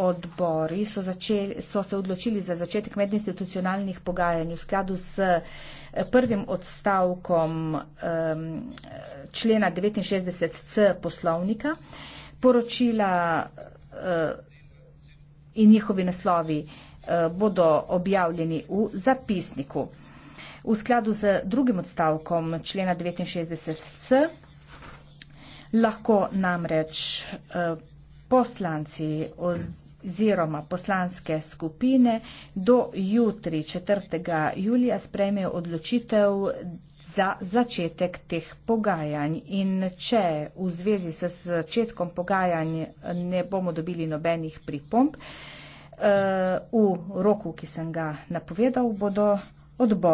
odbori so, začeli, so se odločili za začetek medinstitucionalnih pogajanj v skladu s eh, prvim odstavkom um, člena 69c poslovnika. Poročila uh, in njihovi naslovi uh, bodo objavljeni v zapisniku. V skladu z drugim odstavkom člena 69c lahko namreč uh, poslanci oz, oziroma poslanske skupine do jutri 4. julija sprejme odločitev za začetek teh pogajanj. In če v zvezi s začetkom pogajanj ne bomo dobili nobenih pripomp, eh, v roku, ki sem ga napovedal, bodo odbor.